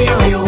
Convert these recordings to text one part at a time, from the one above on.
yo, yo, yo.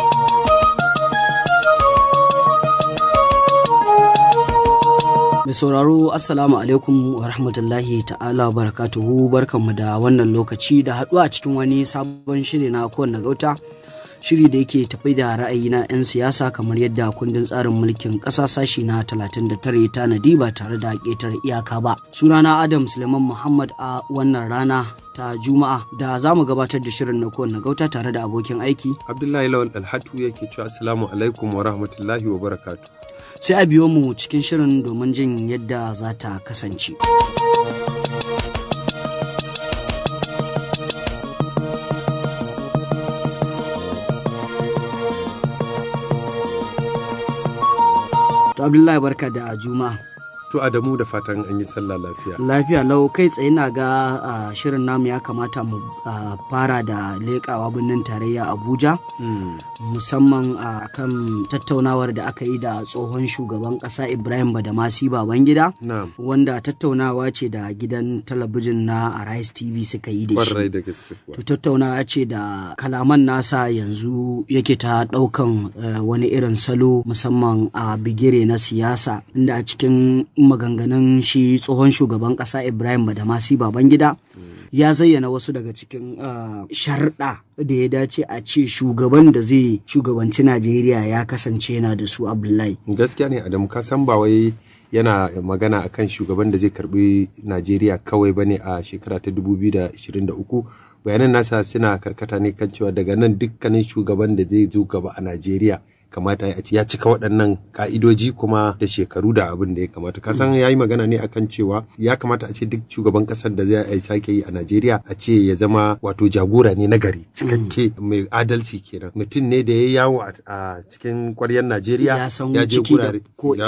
Mai sauraro Assalamu alaikum wa rahmatullahi ta'ala wa barakatuhu barkanmu da wannan lokaci da haɗuwa cikin wani sabon shiri na kowane gauta shiri da yake tafi da ra'ayi na 'yan siyasa kamar yadda kundin tsarin mulkin ƙasa sashi na 39 tanadi ba tare da ƙetare iyaka ba. Sunana Adam Suleiman Muhammad a wannan rana ta Juma'a da za mu gabatar da shirin na kowanne gauta tare da abokin aiki. Abdullahi Lawal Alhatu yake cewa asalamu alaikum wa rahmatullahi wa barakatu. Sai a biyo mu cikin shirin domin jin yadda za ta kasance. Abdullahi barka da Juma'a. To Adamu da fatan an yi sallah lafiya. Lafiya lau kai tsaye na ga shirin namu ya kamata mu fara da leƙawa birnin tarayya Abuja. Hmm. Musamman a kan tattaunawar da aka yi da tsohon shugaban ƙasa Ibrahim Badamasi Babangida. Wanda tattaunawa ce da gidan talabijin na Arise TV suka yi da shi. To tattaunawa ce da kalaman nasa yanzu yake ta ɗaukan eh, wani irin salo musamman a bigire na siyasa inda a cikin maganganun shi tsohon shugaban ƙasa ibrahim badamasi babangida ya zayyana wasu daga cikin uh, sharɗa da ya dace a ce shugaban da zai shugabanci najeriya ya kasance yana da su abdullahi gaskiya ne adam ka san ba wai yana magana akan shugaban da zai karbi najeriya kawai bane a shekara ta 2023 bayanan nasa suna karkata ne kan cewa daga nan dukkanin shugaban da zai zo gaba a najeriya kamata ya cika waɗannan ka'idoji kuma da shekaru da abin da ya kamata kasan ya yi magana ne akan cewa ya kamata a ce duk shugaban ƙasar da zai sake yi a najeriya a ce ya zama wato jagora ne na gari cikakke mm. mai adalci kenan mutum ne da ya yawo a cikin ƙwaryar najeriya ya san ciki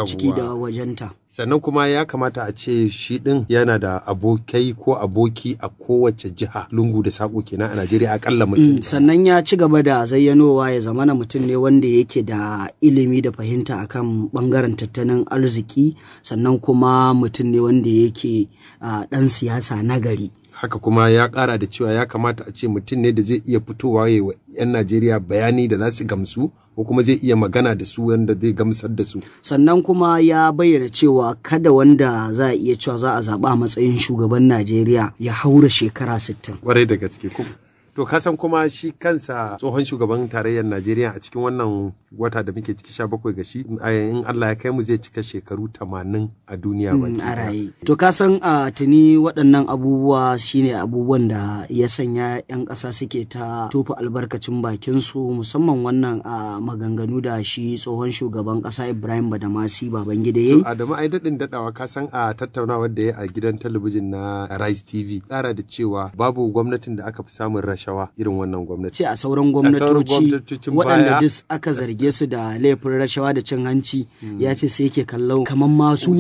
ciki da wajenta sannan kuma ya kamata a ce shi ɗin yana da abokai ko aboki a kowace jiha lungu da sako kenan a najeriya akalla mutum mm, sannan ya ci gaba da zayyanowa ya zamana mutum ne wanda yake da ilimi da fahimta akan bangaren tattalin arziki sannan kuma mutum ne wanda yake ah, ɗan siyasa nagari haka kuma ya kara da cewa ya kamata a ce mutum ne da zai iya fitowa ya wa 'yan Najeriya bayani da za su gamsu ko kuma zai iya magana da su wanda zai gamsar da su. Sannan kuma ya bayyana cewa kada wanda za a iya cewa za a zaɓa a matsayin shugaban Najeriya ya haura shekara 60. Kwarai da gaske kuma. To kasan kuma shi kansa tsohon shugaban tarayyar Najeriya a cikin wannan wata da muke ciki sha bakwai ga shi in Allah ya kai mu zai cika shekaru tamanin a duniya hmm, baki. To kasan a tuni waɗannan abubuwa shine abubuwan da ya sanya 'yan ƙasa suke ta tofa albarkacin bakin su musamman wannan a maganganu da shi tsohon shugaban ƙasa Ibrahim Badamasi Babangida yayi. Adamu ai daɗin daɗawa kasan a tattaunawar da ya a gidan talabijin na Rise TV ƙara da cewa babu gwamnatin da aka fi samun rashin rashawa irin wannan gwamnati. Ce a sauran gwamnatoci waɗanda duk aka zarge su da laifin rashawa da cin hanci hmm. ya ce sai yake kallon kamar masu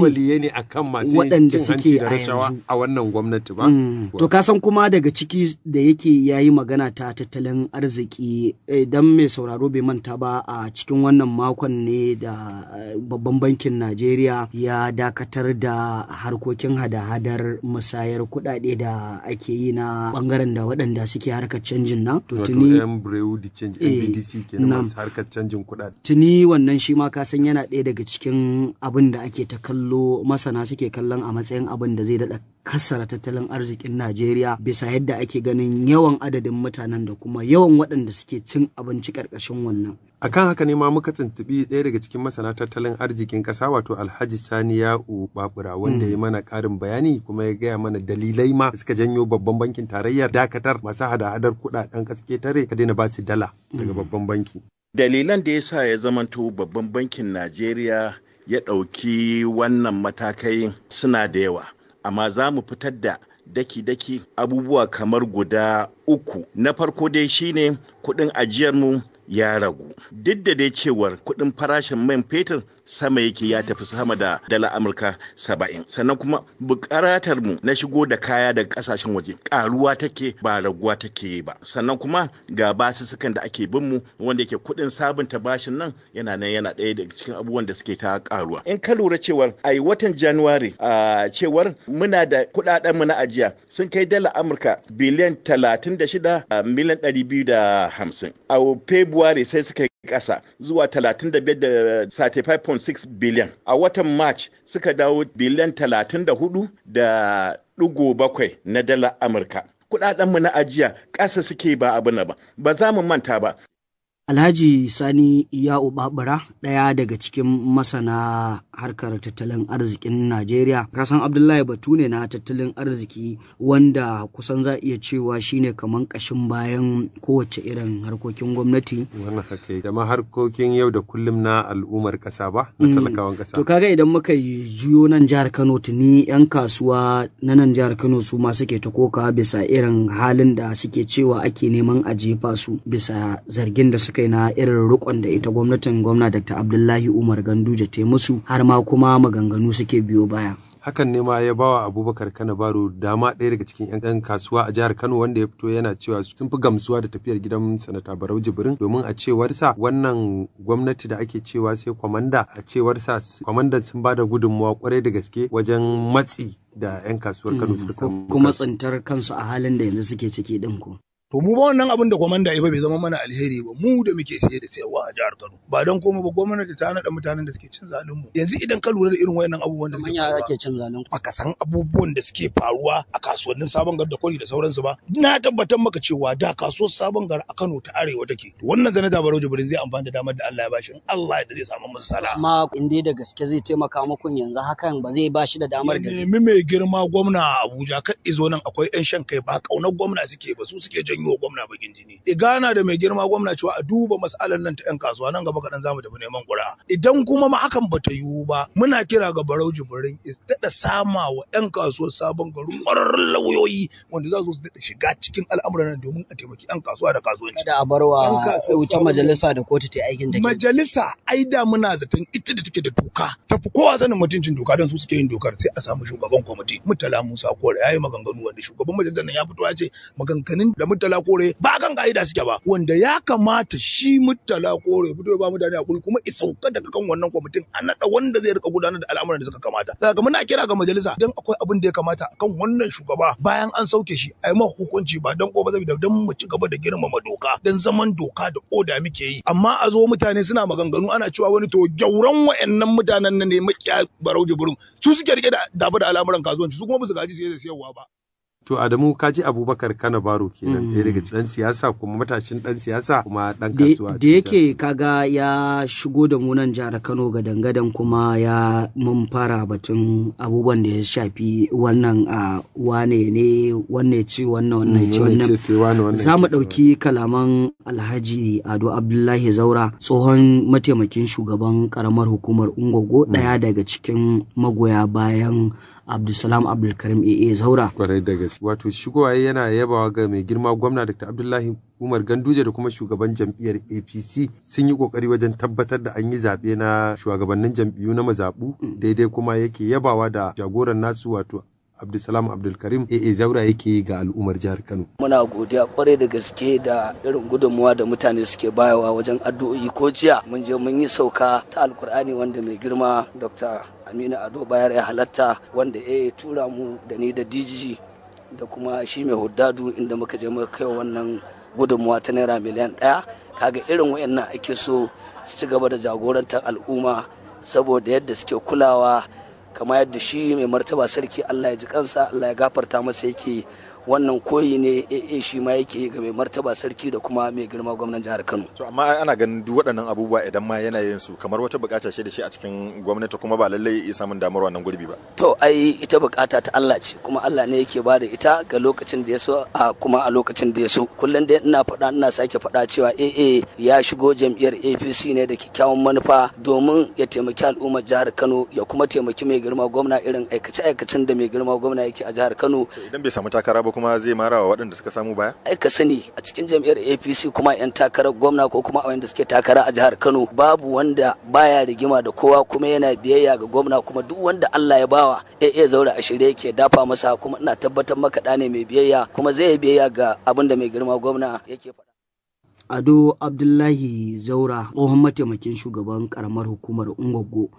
waliyai ne akan masu cin hanci a yanzu a wannan gwamnati ba. Hmm. To ka san kuma daga ciki da yake ya yi magana ta tattalin arziki idan eh, mai sauraro bai manta ba a cikin wannan makon ne da eh, babban bankin Najeriya ya dakatar da harkokin hada-hadar musayar kuɗaɗe da ake yi na ɓangaren da waɗanda waɗanda suke harkar canjin nan to tuni eh, tuni wannan shi ma ka yana ɗaya daga cikin abin da ake ta kallo masana suke kallon a matsayin abin da zai daɗa kasara tattalin arzikin Najeriya bisa yadda ake ganin yawan adadin mutanen da kuma yawan waɗanda suke cin abinci ƙarƙashin wannan akan haka ne ma muka tuntubi ɗaya daga cikin masana tattalin arzikin ƙasa wato alhaji sani ya babura wanda ya mm. mana ƙarin bayani kuma ya gaya mana dalilai ma da suka janyo babban bankin tarayyar dakatar masu hada-hadar kuɗaɗen ƙasƙe tare ka daina ba dala daga mm. babban banki dalilan da ya sa ya zamanto babban bankin najeriya ya ɗauki wannan matakai suna da yawa amma za mu fitar da daki-daki abubuwa kamar guda uku na farko dai shine kuɗin mu. ya ragu duk da dai cewar kuɗin farashin man fetur sama yake ya tafi sama da dala amurka saba'in sannan kuma buƙatar mu na shigo da kaya daga kasashen waje ƙaruwa take ba raguwa take ba sannan kuma ga basussukan da ake bin mu wanda yake kuɗin sabunta bashin nan yana nan yana ɗaya daga cikin abubuwan da suke ta karuwa in ka lura cewar a watan januwari a cewar muna da kuɗaɗen mu na ajiya sun kai dala amurka biliyan talatin da shida miliyan 250 da hamsin a february sai suka kasa zuwa 35.6 biliyan. A watan March suka dawo biliyan 34 da na dala Amurka. mu na ajiya kasa suke ba abu na ba, ba za mu manta ba. Alhaji Sani ya ubabura ɗaya daga cikin masana harkar tattalin arzikin Najeriya. Kasan Abdullahi Batu ne na tattalin arziki wanda kusan za iya cewa shine kaman kashin bayan kowace irin harkokin gwamnati. Wannan haka Jama harkokin yau da kullum na al'ummar ƙasa ba, na hmm. talakawan ƙasa. To kaga idan muka yi juyo nan jihar Kano tuni 'yan kasuwa na nan jihar Kano su ma suke ta koka bisa irin halin da suke cewa ake neman a jefa su bisa zargin da suka suka yi na irin rukon da ita gwamnatin gwamna Dr. Abdullahi Umar Ganduje ta musu har ma kuma maganganu suke biyo baya. hakan ne ma ya bawa abubakar kana baro dama ɗaya daga cikin 'yan ƙan kasuwa a jihar kano wanda ya fito yana cewa sun fi gamsuwa da tafiyar gidan sanata barau jibrin domin a cewarsa wannan gwamnati da ake cewa sai kwamanda a cewarsa kwamandan sun ba da gudunmawa kwarai da gaske wajen matsi da 'yan kasuwar kano mm, suka samu kuma tsintar kansu a halin da yanzu suke ciki ɗin ko to mu ba wannan abin da gwamnati ba bai zama mana alheri ba mu da muke siye da siyarwa a jihar Kano ba dan koma ba gwamnati ta nada mutanen da suke cin zalin mu yanzu idan ka lura da irin wayannan abubuwan da suke faruwa ake cin zalin baka san abubuwan da suke faruwa a kasuwannin sabon gar da kwari da sauransu ba na tabbatar maka cewa da kasuwar sabon gar a Kano ta arewa take to wannan zana da Barau Jibrin zai amfana da damar da Allah ya bashi in Allah ya zai samu masa sala amma in dai da gaske zai taimaka muku yanzu hakan ba zai bashi da damar da nemi mai girma gwamna Abuja kai zo nan akwai yan shan kai ba kaunar gwamna suke ba su suke janyo yi wa gwamna bakin jini i gana da mai girma gwamna cewa a duba mas'alan nan ta yan kasuwa nan gaba kaɗan zamu tafi neman kura. idan kuma ma hakan bata yi ba muna kira ga barau jibrin daɗa sama wa yan kasuwar sabon garu ƙwararrun lauyoyi wanda za su su daɗa shiga cikin al'amuran nan domin a taimaki yan kasuwa da kasuwanci kada a barwa wuta majalisa da kotu ta aikin da majalisa ai da muna zaton ita da take da doka tafi kowa sanin mutuncin doka don su suke yin dokar sai a samu shugaban kwamiti mutala musa kore yayi maganganu wanda shugaban majalisar nan ya fito ya ce maganganun da mutala murtala kore ba kan ka'ida suke ba wanda ya kamata shi murtala kore fito ba mutane hakuri kuma isauka daga kan wannan kwamitin a naɗa wanda zai rika gudanar da al'amuran da suka kamata daga muna kira ga majalisa don akwai abin da ya kamata akan wannan shugaba bayan an sauke shi a yi ma hukunci ba don ko ba da don mu ci gaba da girmama doka don zaman doka da oda muke yi amma a zo mutane suna maganganu ana cewa wani to gyauran wa'annan mutanen nan ne makiya barau jibrin su suke rike da dafa da al'amuran kasuwanci su kuma ba su gaji sai da siyarwa ba To Adamu ka ji Abubakar Kana Baro kenan ɗaya daga mm. ɗan siyasa kuma matashin ɗan siyasa kuma ɗan kasuwa. Da yake kaga ya shigo da mu nan jihar Kano ga dangadan kuma ya mun fara batun abubuwan da ya shafi wannan a wane ne wanne ci mm, wannan wannan ci wannan. Za mu ɗauki kalaman Alhaji Ado Abdullahi Zaura tsohon mataimakin shugaban karamar hukumar Ungogo mm. ɗaya daga cikin magoya bayan abdulsalam abdulkarim aa zaura kwarai da gaske wato shigowa yana yabawa ga mai girma gwamna dr abdullahi umar ganduje da kuma shugaban jam'iyyar apc sun yi kokari wajen tabbatar da an yi zaɓe na shugabannin jam'iyyu na mazaɓu mm. daidai kuma yake yabawa da jagoran nasu wato Abdulsalam Abdulkarim AA Zaura yake ga al'ummar jihar Kano. Muna godiya kwarai da gaske da irin gudunmuwa da mutane suke bayawa wajen addu'o'i ko jiya mun je mun yi sauka ta Alkur'ani wanda mai girma Dr. Aminu Ado Bayar ya halatta wanda ya tura mu da ni da DGG da kuma shi mai huddadu inda muka je muka kai wannan gudunmuwa ta naira miliyan ɗaya kaga irin wayannan ake so su ci gaba da jagorantar al'umma saboda yadda suke kulawa kamar yadda shi mai martaba sarki Allah ya ji kansa Allah ya gafarta masa yake wannan koyi ne AA shi ma yake ga mai martaba sarki da kuma mai girma gwamnan jihar Kano. To amma ana ganin duk waɗannan abubuwa idan ma yana yin su kamar wata bukata ce da shi a cikin gwamnati kuma ba lallai ya samun damar wannan gurbi ba. To ai ita bukata ta Allah ce kuma Allah ne yake bada ita ga lokacin da ya a kuma a lokacin da ya so. Kullum dai ina faɗa ina sake faɗa cewa AA ya shigo jam'iyyar APC ne da kyakkyawan manufa domin ya taimaki al'ummar jihar Kano ya kuma taimaki mai girma gwamna irin aikace-aikacen da mai girma gwamna yake a jihar Kano. Idan bai samu takara ba kuma zai mara wa waɗanda suka samu baya? Ai ka sani a cikin jam'iyyar APC kuma 'yan takarar gwamna ko kuma wanda suke takara a jihar Kano babu wanda baya rigima da kowa kuma yana biyayya ga gwamna kuma duk wanda Allah ya bawa ya iya zaura a shirye yake dafa masa kuma ina tabbatar maka da ne mai biyayya kuma zai yi biyayya ga abin da mai girma gwamna yake faɗa. Ado Abdullahi Zaura tsohon mataimakin shugaban karamar hukumar Ungwaggo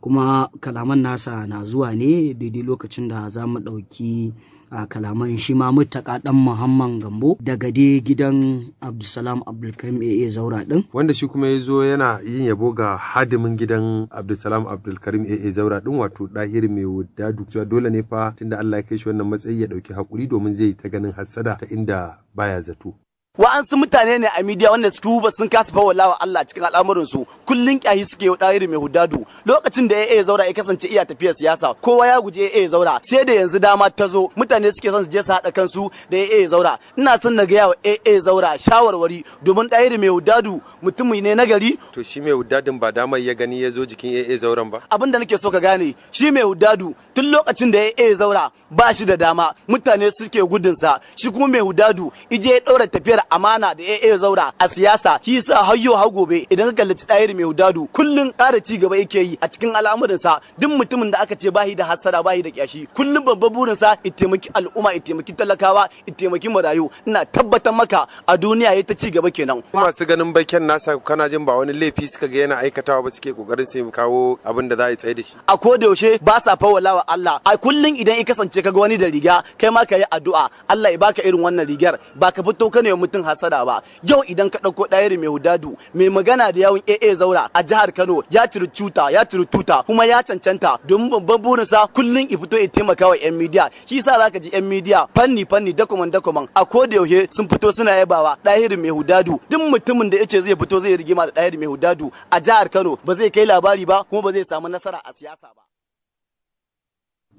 kuma kalaman nasa na zuwa ne daidai lokacin da za mu ɗauki a kalaman shi ma mutaka dan muhamman gambo daga dai gidan abdulsalam abdulkarim aa zaura din wanda shi kuma ya zo yana yin yabo ga hadimin gidan abdulsalam abdulkarim aa zaura din wato dahir mai wadda cewa dole ne fa tunda allah ya kai shi wannan matsayi ya dauki hakuri domin zai ta ganin hassada ta inda baya zato wa'ansu mutane ne a midiya wanda su ba sun kasa fa wallahi Allah cikin al'amuransu su kullun kyahi suke yau dairi mai hudadu lokacin da AA zaura ya kasance iya tafiyar siyasa kowa ya guje AA zaura sai da yanzu dama ta zo mutane suke son su je su haɗa kansu da AA zaura ina son na gaya wa AA zaura shawarwari domin dairi mai hudadu mutumi ne na gari to shi mai hudadun ba dama ya gani ya zo jikin AA zauran ba abinda nake so ka gane shi mai hudadu tun lokacin da AA zaura ba shi da dama mutane suke gudunsa shi kuma mai hudadu ije ya ɗaura tafiyar amana da AA Zaura a siyasa shi sa har yau har gobe idan ka kallaci ɗayar mai hudadu kullun ƙara ci gaba yake yi a cikin al'amuransa duk mutumin da aka ce bahi da hasara bahi da kyashi kullum babban burinsa ya taimaki al'umma ya taimaki talakawa ya taimaki marayu ina tabbatar maka a duniya ya ta ci gaba kenan masu ganin baken nasa kana jin ba wani laifi suka ga yana aikatawa ba suke kokarin su kawo abin da za a tsaye da shi a ko da yaushe ba sa fawala wa Allah a kullun idan ya kasance kaga wani da riga kai ma ka yi addu'a Allah ya baka irin wannan rigar ba ka fito ka ne mutum hasada ba yau idan ka ɗauko ɗayar mai hudadu mai magana da yawun AA zaura a jihar Kano ya turututa ya turututa kuma ya cancanta domin babban burinsa kullum i fito ya taimaka wa 'yan midiya shi yasa zaka ji 'yan midiya fanni fanni dakuman dakuman a ko da yaushe sun fito suna yabawa ɗahir mai hudadu duk mutumin da yace zai fito zai rigima da ɗahir mai hudadu a jihar Kano ba zai kai labari ba kuma ba zai samu nasara a siyasa ba.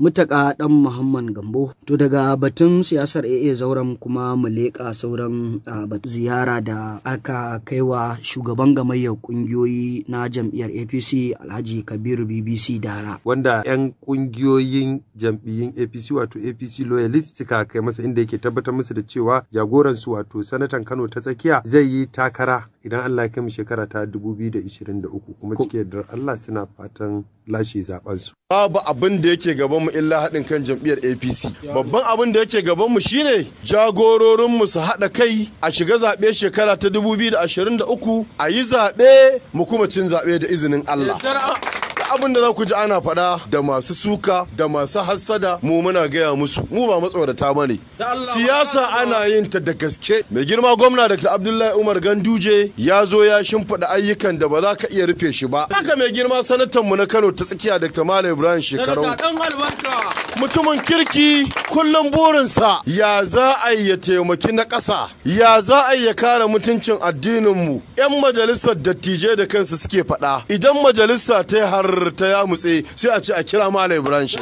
mutaka dan muhammad gambo to daga batun siyasar aa zauren kuma mu leƙa sauran ziyara da aka kaiwa shugaban gamayyar kungiyoyi na jam'iyyar apc alhaji kabiru bbc dara wanda 'yan kungiyoyin jam'iyyun apc wato apc loyalist suka kai masa inda yake tabbatar musu da cewa jagoransu wato sanatan kano ta tsakiya zai yi takara idan allah ya kai mu shekara ta 2023 kuma cikin da allah suna fatan lashe zaben su babu abin da yake gaban mu illa haɗin kan jam'iyyar apc babban abin da yake gabanmu shine jagororinmu su haɗa kai a shiga zaɓe shekara ta 2023 a yi zaɓe mu kuma cin zaɓe da izinin allah abin da za ku ji ana faɗa da masu suka da masu hassada mu muna gaya musu mu ba matsorata ba ne siyasa ana yin ta da gaske mai girma gwamna dr abdullahi umar ganduje ya zo ya shimfiɗa ayyukan da ba za ka iya rufe shi ba haka mai girma sanatan mu na kano ta tsakiya dr malam ibrahim shekarau mutumin kirki kullum burinsa ya za a ya taimaki na ƙasa ya za a ya kare mutuncin addininmu 'yan majalisar dattijai da kansu suke faɗa idan majalisa ta yi har ta ya mutse sai a ce a kira malam ibrahim shi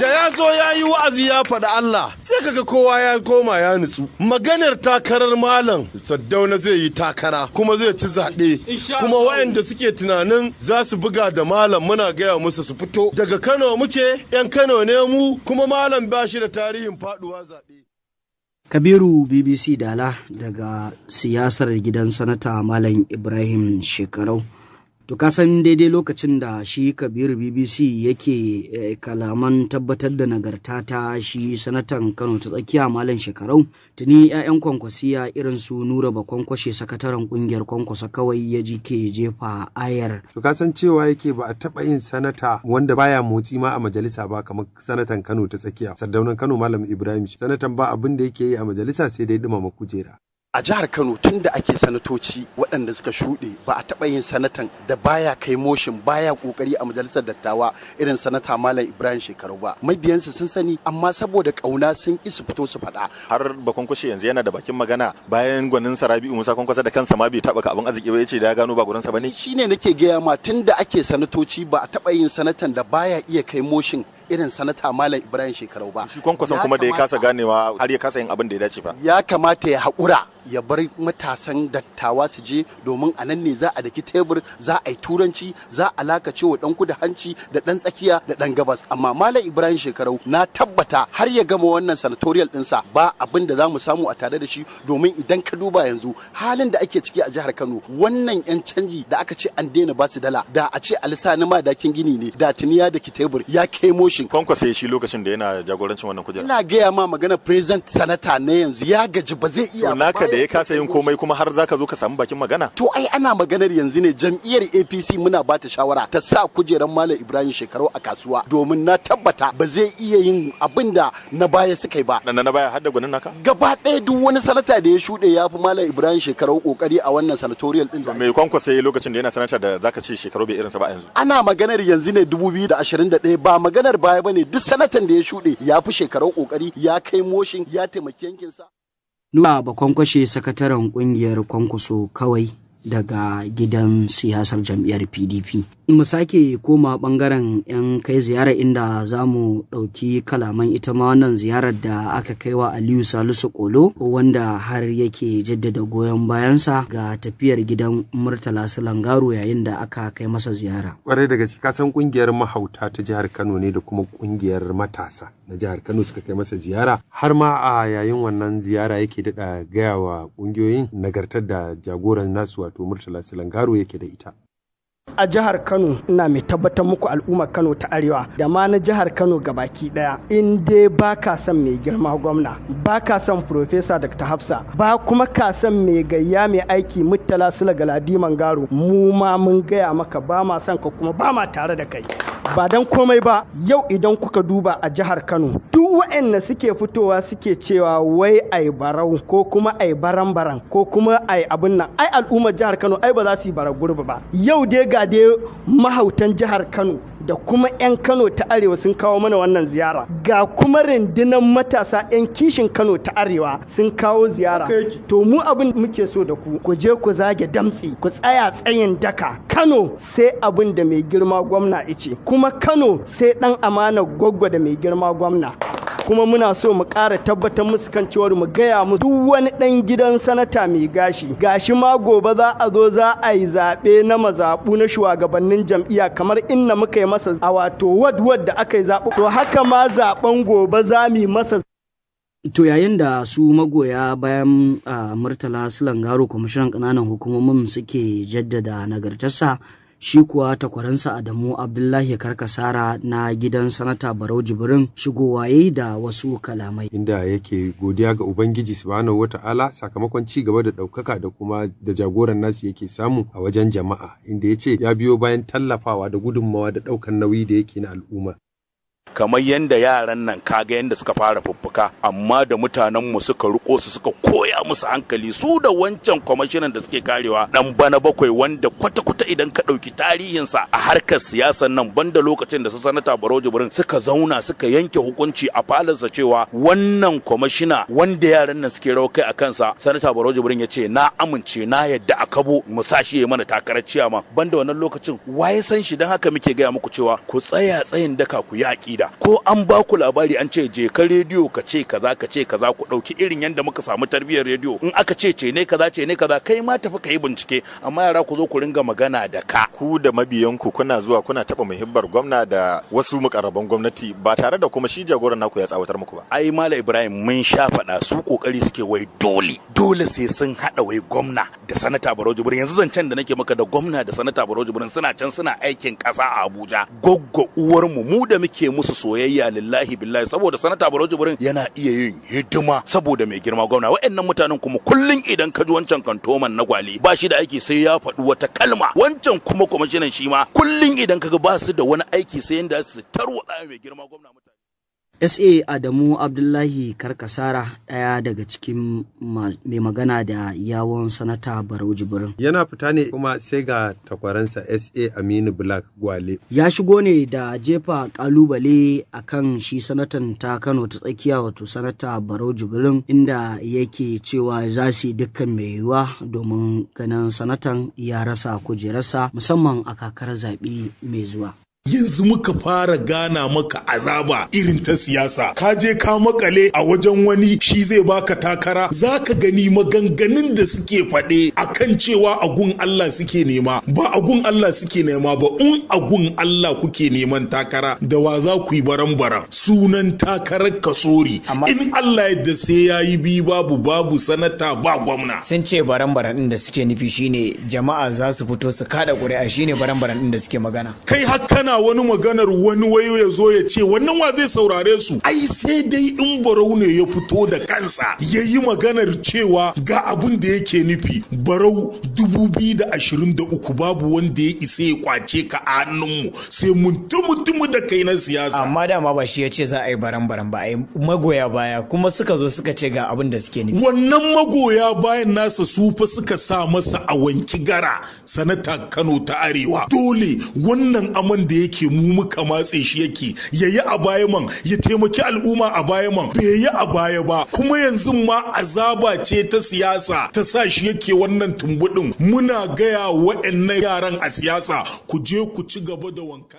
da ya zo ya yi wa'azi ya faɗi allah sai kaga kowa ya koma ya nutsu maganar takarar malam saddauna zai yi takara kuma zai ci zaɓe kuma wa'anda suke tunanin za su buga da malam muna gaya musu su fito daga kano muke yan kano ne mu kuma malam ba shi da tarihin faɗuwa zaɓe kabiru bbc dala daga siyasar gidan sanata malam ibrahim shekarau to kasan daidai lokacin da shi kabiru bbc yake eh, kalaman tabbatar da nagarta ta shi sanatan kano ta tsakiya malam shekarau tuni 'ya'yan kwankwasiya irin su nura ba kwankwashe sakataren kungiyar kwankwasa kawai ya ji ke jefa ayar to kasan cewa yake ba a taba yin sanata wanda baya motsi ma a majalisa ba kamar sanatan kano ta tsakiya sardaunan kano malam ibrahim sanatan ba abin da yake yi a majalisa sai dai dumama kujera a jihar kano tun da ake sanatoci waɗanda suka shuɗe ba a taɓa yin sanatan da baya kai moshin baya ƙoƙari a majalisar dattawa irin sanata malam ibrahim shekaru ba mabiyansu sun sani amma saboda ƙauna sun ƙi su fito su faɗa har bakon kwashe yanzu yana da bakin magana bayan gwanin sarabi'u musa kwankwasa da kansa ma bai taɓa ka abin arziki ba ya ce da ya gano ba gurinsa ba ne shine nake gaya ma tun da ake sanatoci ba a taɓa yin sanatan da baya iya kai moshin irin sanata malam ibrahim shekarau ba shi kwankwason kuma da ya kasa ganewa har ya kasa yin abin da ya dace ba ya kamata ya haƙura ya bar matasan dattawa su je domin a nan ne za a daki tebur za a yi turanci za a lakace wa ɗan kuda hanci da ɗan tsakiya da ɗan gabas amma malam ibrahim shekarau na tabbata har ya gama wannan sanatorial dinsa ba abin da za mu samu a tare da shi domin idan ka duba yanzu halin da ake ciki a jihar kano wannan yan canji da aka ce an daina basu dala da a ce alisa na dakin gini ne da tuniya da ki tebur ya kai moshi. shi kwankwasa shi lokacin da yana jagorancin wannan kujera ina gaya ma magana president sanata ne yanzu ya gaji ba zai iya naka da ya kasa yin komai kuma har zaka zo ka samu bakin magana to ai ana maganar yanzu ne jam'iyyar APC muna ba ta shawara ta sa kujeran Malam Ibrahim shekaru a kasuwa domin na tabbata ba zai iya yin abin da na baya suka yi ba na na baya hadda da naka gaba ɗaya duk wani sanata da ya shuɗe ya fi Malam Ibrahim shekaru kokari a wannan sanatorial din me kwankwasa lokacin da yana sanata da zaka ce shekaru bai irinsa ba yanzu ana maganar yanzu ne 2021 ba maganar ba baya bane duk sanatan da ya shuɗe ya fi shekarun kokari ya kai moshin ya taimaki yankinsa. Nuna ba kwankwashe sakataren ƙungiyar kwankwaso kawai daga gidan siyasar jam'iyyar PDP. mu sake koma bangaren 'yan kai ziyara inda za mu ɗauki kalaman ita ma wannan ziyarar da aka kai wa aliyu salisu kolo wanda har yake jaddada goyon bayansa ga tafiyar gidan murtala langaro yayin da aka kai masa ziyara kwarai daga cika san kungiyar mahauta ta jihar kano ne da kuma kungiyar matasa na jihar kano suka kai masa ziyara har ma a yayin wannan ziyara yake daɗa gaya wa kungiyoyin nagartar da jagoran nasu wato murtala langaro yake da ita a jihar kano ina mai tabbatar muku al'ummar kano ta arewa da ma na jihar kano ga baki daya in dai ba ka son mai girma gwamna ba ka son profesa dr hafsa ba kuma ka son mai gayya mai aiki muttala sula galadi mangaro mu ma mun gaya maka ba ma son ka kuma ba ma tare da kai ba don komai ba yau idan kuka duba a jihar kano duk waɗanda suke fitowa suke cewa wai ai barau ko kuma ai baran baran ko kuma ai abin nan ai al'ummar jihar kano ai ba za su yi bara gurbi ba yau dai ga dai mahautan jihar kano da kuma 'yan Kano ta Arewa sun kawo mana wannan ziyara ga kuma rundunar matasa 'yan kishin Kano ta Arewa sun kawo ziyara to mu abin muke so da ku ku je ku zage damtsi ku tsaya tsayin daka Kano sai abin da mai girma gwamna ice kuma Kano sai ɗan amana gwaggwa da mai girma gwamna kuma muna so mu ƙara tabbatar musu kan cewar mu gaya musu duk wani ɗan gidan sanata mai gashi gashi ma gobe za a zo za a yi zaɓe na mazaɓu na shugabannin jam'iyya kamar inna muka yi masa a wato wad wad da aka yi zaɓu to haka ma zaɓen gobe za mu yi masa To yayin da su magoya bayan ah, Murtala Sulangaro kwamishinan ƙananan hukumomin suke jaddada nagartarsa shi kuwa takwaransa Adamu Abdullahi Karkasara na gidan sanata Barau Jibrin shigowa yayi da wasu kalamai. Inda yake godiya ga Ubangiji Subhanahu wata'ala sakamakon ci gaba da ɗaukaka da kuma da jagoran nasu yake samu a wajen jama'a inda ya ce ya biyo bayan tallafawa da gudunmawa da ɗaukan nauyi da yake na al'umma. kamar yadda yaran nan kaga yadda suka fara fuffuka amma da mutanen mu suka riko su suka koya musu hankali su da wancan kwamashinan da suke karewa dan bana bakwai wanda kwata-kwata idan ka ɗauki tarihinsa a harkar siyasan nan banda lokacin da su sanata Barau Jibrin suka zauna suka yanke hukunci a falansa cewa wannan kwamashina wanda yaran nan suke rawa kai a kansa sanata Barau Jibrin ya ce na amince na yadda a kabo mu sashi ya mana takarar ciyama banda wannan lokacin waye san shi dan haka muke gaya muku cewa ku tsaya tsayin daka ku yi aƙida ko an ba ku labari an ce je ka rediyo ka ce kaza ka ce kaza ku dauki irin yadda muka samu tarbiyyar rediyo in aka ce ce ne kaza ce ne kaza kai ma tafi ka yi bincike amma yara ku zo ku ringa magana da ka ku da mabiyan ku kuna zuwa kuna taba muhimmar gwamna da wasu mukarraban gwamnati ba tare da kuma shi jagoran naku ya tsawatar muku ba ai mala ibrahim mun sha faɗa su kokari suke wai dole dole sai sun haɗa wai gwamna da sanata barau jibrin yanzu zancen da nake maka da gwamna da sanata barau jibrin suna can suna aikin ƙasa a abuja goggo uwarmu mu da muke musu soyayya lillahi billahi saboda sanata baroji burin yana iya yin hidima saboda mai girma gwamna wa'annan mutanen kuma kullun idan ka ji wancan kantoman na gwali ba shi da aiki sai ya faɗi wata kalma wancan kuma kuma shi ma kullun idan ka ga ba su da wani aiki sai yanda su tarwada mai girma gwamna mutane sa adamu abdullahi karkasara ɗaya daga cikin mai magana da yawon sanata barau jibirin yana fita ne kuma sai ga takwaransa sa aminu black gwale ya shigo ne da jefa kalubale a kan shi sanatan ta kano ta tsakiya wato sanata barau jibirin inda yake cewa za su yi dukkan mai yiwuwa domin ganin sanatan ya rasa kujerarsa musamman a kakar zaɓe mai zuwa yanzu muka fara gana maka azaba irin ta siyasa ka je ka makale a wajen wani shi zai baka takara za ka gani maganganun da suke faɗe kan cewa agun Allah suke nema ba agun Allah suke nema ba in agun Allah kuke neman takara da wa za ku yi baran baran sunan takarar kasori in Allah yadda sai ya yi bi babu babu sanata ba gwamna sun ce baran baran din da suke nufi shine jama'a za su fito su kaɗa ƙuri'a shine baran baran din da suke magana kai har kana wani maganar wani wayo ya zo ya ce wannan wa zai saurare su ai sai dai in barau ne ya fito da kansa ya yi maganar cewa ga abun da yake nufi barau dubu biyu da ashirin da uku babu wanda ya isa ya kwace ka a hannunmu sai mun tumu da kai na siyasa amma dama ba shi ya ce za a yi baran baran ba a yi magoya baya kuma suka zo suka ce ga abun da suke nufi wannan magoya bayan nasa su fa suka sa masa a wanki gara sanata Kano ta Arewa dole wannan aman da yake yake mu muka matse shi yake yi a baya man ya taimaki al'umma a baya man bai yi a baya ba kuma yanzu ma azaba ce ta siyasa ta sa shi yake wannan tumbudin muna gaya wa'annan yaran a siyasa ku je ku ci gaba da wanka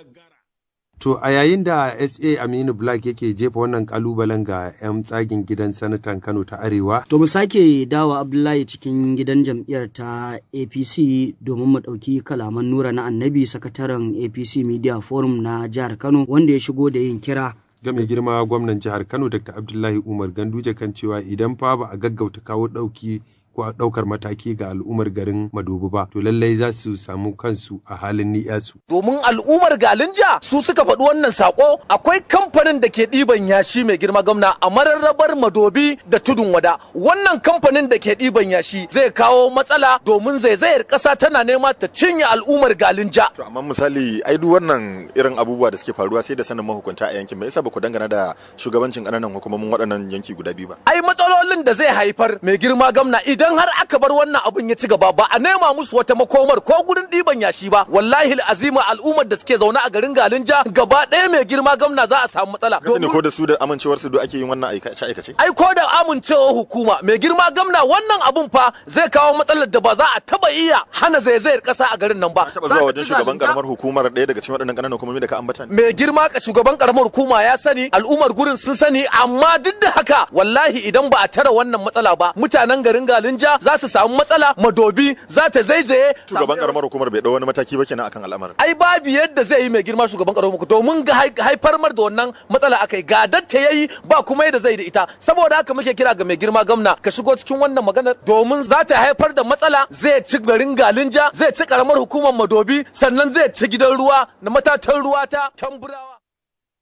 To a yayin da SA Aminu Black yake jefa wannan kalubalen ga 'yan tsagin gidan sanatan Kano ta Arewa. To mu sake dawa Abdullahi cikin gidan jam'iyyar ta APC domin mu ɗauki kalaman nura na annabi sakataren APC Media Forum na jihar Kano wanda ya shigo da yin kira Game girma gwamnan jihar Kano Dr. Abdullahi Umar Ganduje kan cewa idan fa ba a gaggauta kawo ɗauki ko ɗaukar mataki ga al'ummar garin Madubu ba to lallai za su samu kansu a halin yasu Domin al'ummar Galinja su suka faɗi wannan sako akwai kamfanin da ke ɗiban yashi mai girma gwamna a mararrabar Madobi da Tudun Wada. Wannan kamfanin da ke ɗiban yashi zai kawo matsala domin zaizayar ƙasa tana nema ta cinye al'ummar Galinja. To amma misali ai duk wannan irin abubuwa da suke faruwa sai da sanin mahukunta a yankin me yasa ba ku dangana da shugabancin ƙananan hukumomin waɗannan yanki guda biyu ba. Ai matsalolin da zai haifar mai girma gwamna idan idan har aka bar wannan abin ya ci gaba ba a nema musu wata makomar ko gurin diban yashi ba wallahi azima al'ummar da suke zaune a garin Galinja gaba ɗaya mai girma gwamna za a samu matsala. Kasi ne ko da su da amincewar su ake yin wannan aikace aikace. Ai ko da amincewar hukuma mai girma gwamna wannan abun fa zai kawo matsalar da ba za a taba iya hana zaizayar ƙasa a garin nan ba. Ka taɓa zuwa wajen shugaban karamar hukumar ɗaya daga cikin waɗannan ƙananan hukumomi da ka ambata. Mai girma shugaban karamar hukuma ya sani al'ummar gurin sun sani amma duk da haka wallahi idan ba a tara wannan matsala ba mutanen garin Galinja ja za su samu matsala madobi za ta zaizaye shugaban karamar hukumar bai dau wani mataki ba kenan akan al'amarin ai babu yadda zai yi mai girma shugaban karamar hukumar domin ga haifar mar da wannan matsala akai ga datta yayi ba kuma yadda zai da ita saboda haka muke kira ga mai girma gwamna ka shigo cikin wannan maganar domin za ta haifar da matsala zai ci garin galinja zai ci karamar hukumar madobi sannan zai ci gidan ruwa na matatan ruwa ta tamburawa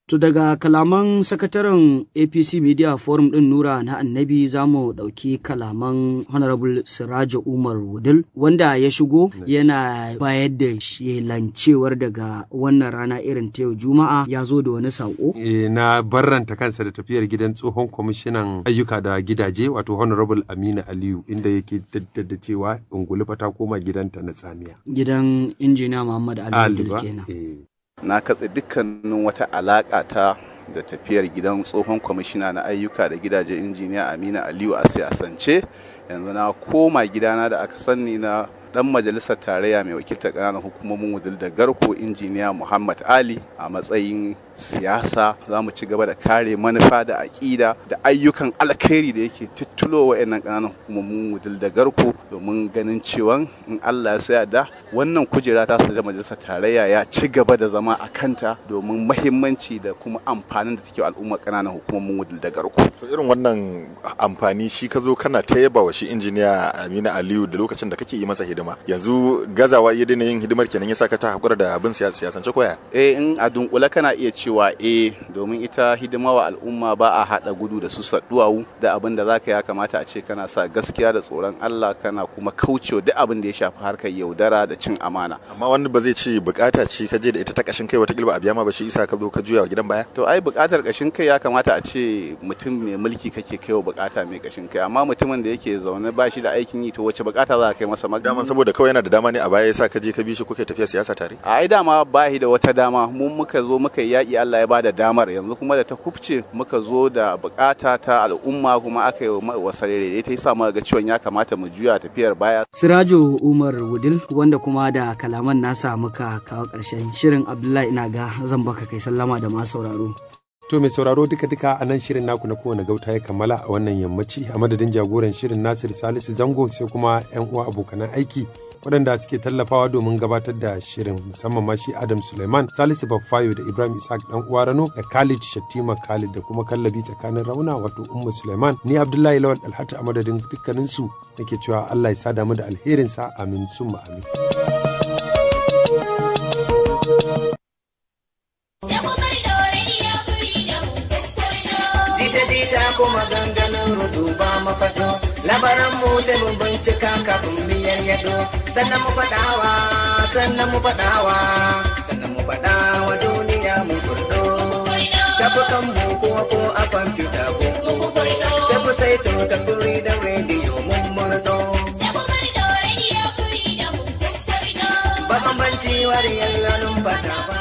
To daga kalaman sakataren APC Media Forum ɗin Nura na Annabi za mu ɗauki kalaman Honorable Siraja Umar Wudil wanda ya shigo yana bayar da shelancewar daga wannan rana irin ta yau Juma'a ya zo da wani saƙo. Eh, na barranta kansa da tafiyar gidan tsohon kwamishinan ayyuka da gidaje wato Honorable Amina Aliyu inda yake daddada cewa Ungulu ta koma gidanta na tsamiya. Gidan Injiniya Muhammad Ali kenan. Eh. na katse dukkanin wata alaƙa ta da tafiyar gidan tsohon kwamishina na ayyuka da gidajen injiniya amina aliyu a siyasance yanzu na koma gidana da aka sani na dan majalisar tarayya mai wakiltar ƙananan hukumomin wudil da garko injiniya muhammad ali a matsayin siyasa za mu ci gaba da kare manufa da aƙida da ayyukan alkhairi da yake tuttulo ƴan ƙananan hukumomin mu dildagar ku domin ganin cewa in Allah ya saya da wannan kujera ta su da majalisar tarayya ya ci gaba da zama a kanta domin mahimmanci da kuma amfanin da take al'ummar ƙananan hukumomin mu dildagar ku. To irin wannan amfani shi ka zo kana ta yaba wa shi injiniya Aminu Aliyu da lokacin da kake yi masa hidima yanzu gazawa ya daina yin hidimar kenan ya saka ta hakura da abin siyasance koya. Eh in a dunkula kana iya ci. cewa e domin ita hidima wa al'umma ba a haɗa gudu da su saduwawu da abin da zaka ya kamata a ce kana sa gaskiya da tsoron Allah kana kuma kaucewa duk abin da ya shafi harkar yaudara da cin amana amma wani ba zai ce bukata ce ka je da ita ta kashin kai wata ba a biya ma ba shi isa ka zo ka juya wa gidan baya to ai bukatar kashin kai ya kamata a ce mutum mai mulki kake kaiwa bukata mai kashin kai amma mutumin da yake zaune ba shi da aikin yi to wace bukata za ka kai masa magana dama saboda kawai yana da dama ne a baya yasa ka je ka bi shi kuke tafiya siyasa tare ai dama ba da wata dama mun muka zo muka yi yaƙi ubangiji Allah ya da damar yanzu kuma da ta kufce muka zo da bukata ta al'umma kuma aka yi wa wasarere ta yi sa ga ciwon ya kamata mu juya tafiyar baya Sirajo Umar Wudil wanda kuma da kalaman nasa muka kawo karshen shirin Abdullahi ina ga zan baka kai sallama da ma sauraro To mai sauraro duka-duka a nan shirin naku na kowane gauta ya kammala a wannan yammaci a madadin jagoran shirin Nasir Salisu Zango sai kuma 'yan uwa abokanan aiki waɗanda suke tallafawa domin gabatar da shirin musamman ma shi Adam Suleiman, Salisu Baffayo da Ibrahim Isaac dan uwa Rano da Khalid Shattima Khalid da kuma kallabi tsakanin Rauna wato Umma Suleiman. Ni Abdullahi Lawal Alhatu a madadin dukkanin su nake cewa Allah ya sada mu da alherinsa amin summa amin. kuma ganganin rudu ba labaran mu sai mu bincika kafin mu yayyado sannan mu faɗawa sannan mu faɗawa sannan mu faɗawa duniya mu kurdo shafukan mu ko ko a kwamfuta ko ko sai mu saito ta kuri da rediyo mun murdo bambanci wariyar lalun fata